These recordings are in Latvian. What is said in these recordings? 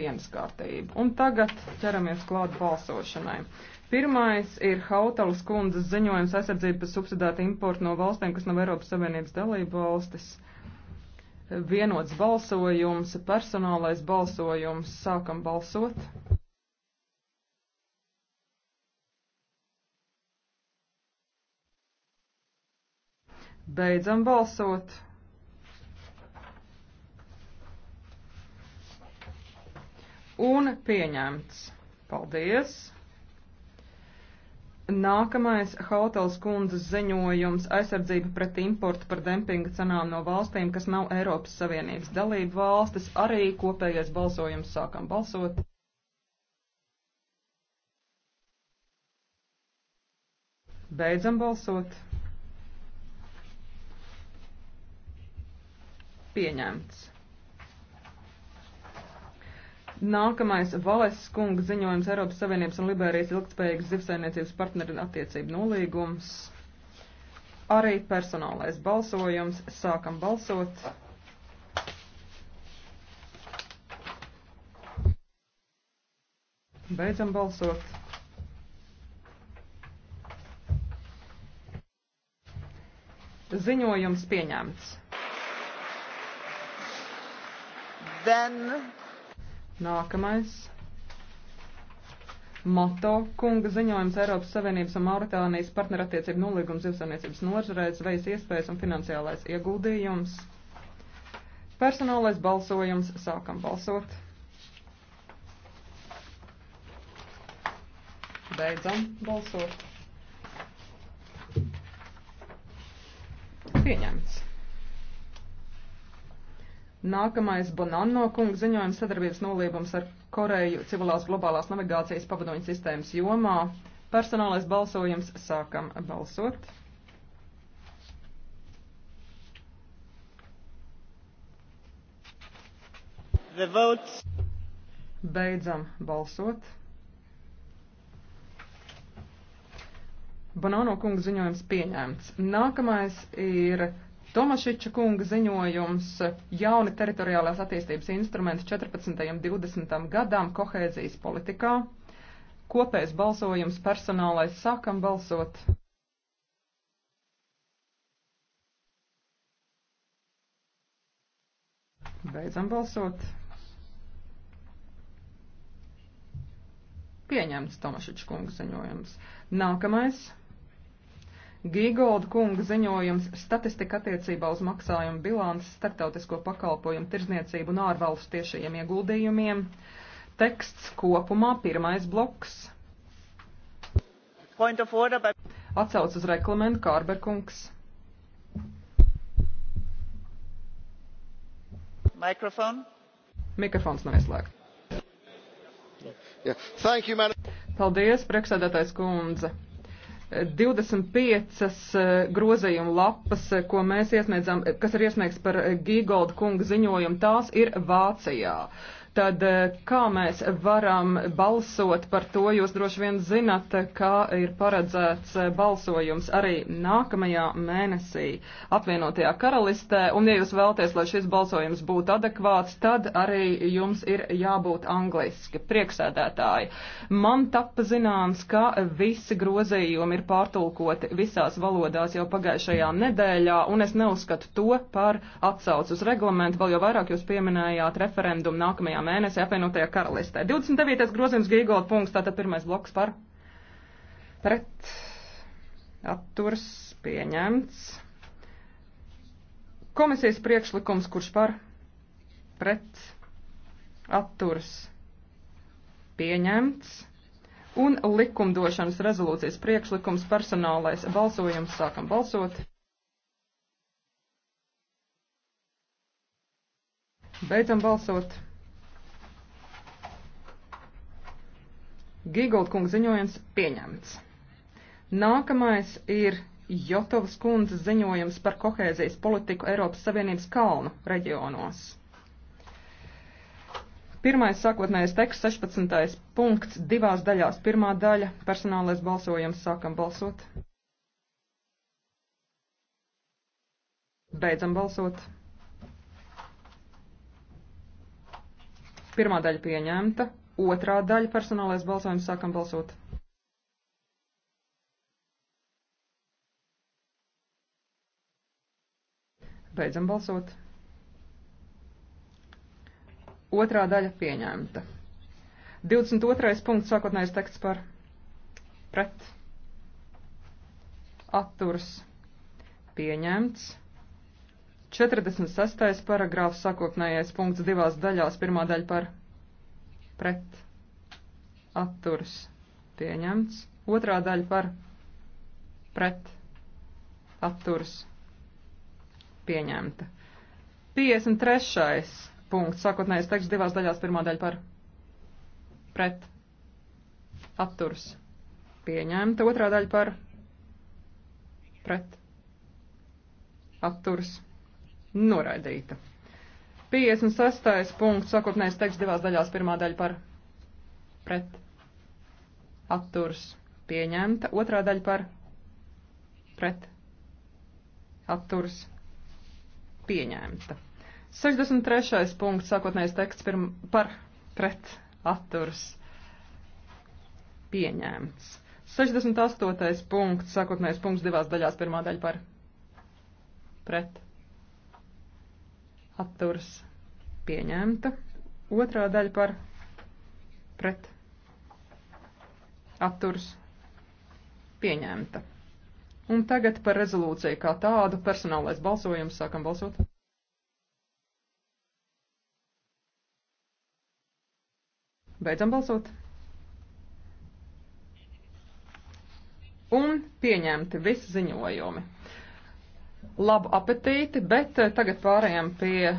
dienas kārtību. Un tagad ķeramies klāt balsošanai. Pirmais ir Hautalas kundzes ziņojums aizsardzība par subsidētu importu no valstīm, kas nav Eiropas Savienības dalība valstis. Vienots balsojums, personālais balsojums, sākam balsot. Beidzam balsot. un pieņemts. Paldies! Nākamais Hautels kundzes ziņojums - aizsardzība pret importu par dempinga cenām no valstīm, kas nav Eiropas Savienības dalība valstis. Arī kopējais balsojums sākam balsot. Beidzam balsot. Pieņemts. Nākamais Valēs kunga ziņojums Eiropas Savienības un Liberijas ilgtspējīgas zivsainiecības partneru attiecību nolīgums. Arī personālais balsojums. Sākam balsot. Beidzam balsot. Ziņojums pieņemts. Then Nākamais. Mato kunga ziņojums Eiropas Savienības un Mauritānijas partnerattiecību nolīgums zivsaimniecības nožarēs, zvejas iespējas un finansiālais ieguldījums. Personālais balsojums. Sākam balsot. Beidzam balsot. Pieņemts. Nākamais Bonanno kunga ziņojums sadarbības nolīgums ar Koreju civilās globālās navigācijas pavadoņu sistēmas jomā. Personālais balsojums sākam balsot. The votes. Beidzam balsot. Banāno kunga ziņojums pieņemts. Nākamais ir Tomašiča kunga ziņojums jauni teritoriālās attīstības instruments 14. un 20. gadām kohēzijas politikā. Kopējs balsojums personālais sākam balsot. Beidzam balsot. Pieņemts Tomašiča kunga ziņojums. Nākamais. Gīgolda kunga ziņojums statistika attiecībā uz maksājumu bilanci starptautisko pakalpojumu tirzniecību un ārvalstu tiešajiem ieguldījumiem. Teksts kopumā pirmais bloks. Atsauc uz reglamentu Kārberkungs. Mikrofon. Mikrofons nav ieslēgts. Yeah. Thank you, man. Paldies, priekšsēdētājs kundze. 25 eh, grozējumu lapas, eh, ko mēs iesniedzām, eh, kas ir iesniegts par Gīgolda kunga ziņojumu, tās ir Vācijā. Uh, Tad eh, kā mēs varam balsot par to? Jūs droši vien zinat, kā ir paredzēts eh, balsojums arī nākamajā mēnesī apvienotajā karalistē. Un ja jūs vēlties, lai šis balsojums būtu adekvāts, tad arī jums ir jābūt angliski. Prieksēdētāji, man tapa zināms, ka visi grozījumi ir pārtulkoti visās valodās jau pagājušajā nedēļā, un es neuzskatu to par atsaucu uz reglamentu, vēl jau vairāk jūs pieminējāt referendumu nākamajā mēnesī mēnesi apvienotajā karalistē. 29. grozījums Grīgola punkts, tātad pirmais bloks par pret atturs pieņemts. Komisijas priekšlikums, kurš par pret atturs pieņemts. Un likumdošanas rezolūcijas priekšlikums personālais balsojums sākam balsot. Beidzam balsot. Gīgold kunga ziņojums pieņemts. Nākamais ir Jotovas kundzes ziņojums par kohēzijas politiku Eiropas Savienības kalnu reģionos. Pirmais sākotnējais teksts, 16. punkts, divās daļās. Pirmā daļa - personālais balsojums. Sākam balsot. Beidzam balsot. Pirmā daļa pieņemta, Otrā daļa personālais balsojums sākam balsot. Beidzam balsot. Otrā daļa pieņemta. 22. punkts sākotnējais teksts par pret atturs pieņemts. 46. paragrāfs sākotnējais punkts divās daļās. Pirmā daļa par pret pret atturs pieņemts. Otrā daļa par pret atturs pieņemta. 53. punkts, sākotnējais teksts divās daļās, pirmā daļa par pret atturs pieņemta, otrā daļa par pret atturs noraidīta. 56. punkts, sakotnējs teksts divās daļās, pirmā daļa par pret atturs pieņemta, otrā daļa par pret atturs pieņemta. 63. punkts, sākotnējais teksts pirm, par pret atturs pieņemts. 68. punkts, sākotnējais punkts divās daļās, pirmā daļa par pret atturs pieņemta. Otrā daļa par pret atturs pieņemta. Un tagad par rezolūciju kā tādu personālais balsojums sākam balsot. Beidzam balsot. Un pieņemti visi ziņojumi labu apetīti, bet eh, tagad pārējām pie.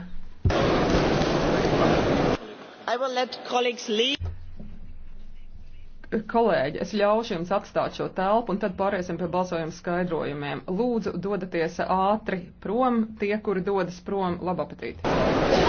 Kolēģi, es ļaušu jums atstāt šo telpu un tad pāriesim pie balsojuma skaidrojumiem. Lūdzu, dodaties ātri prom, tie, kuri dodas prom, labu apetīti!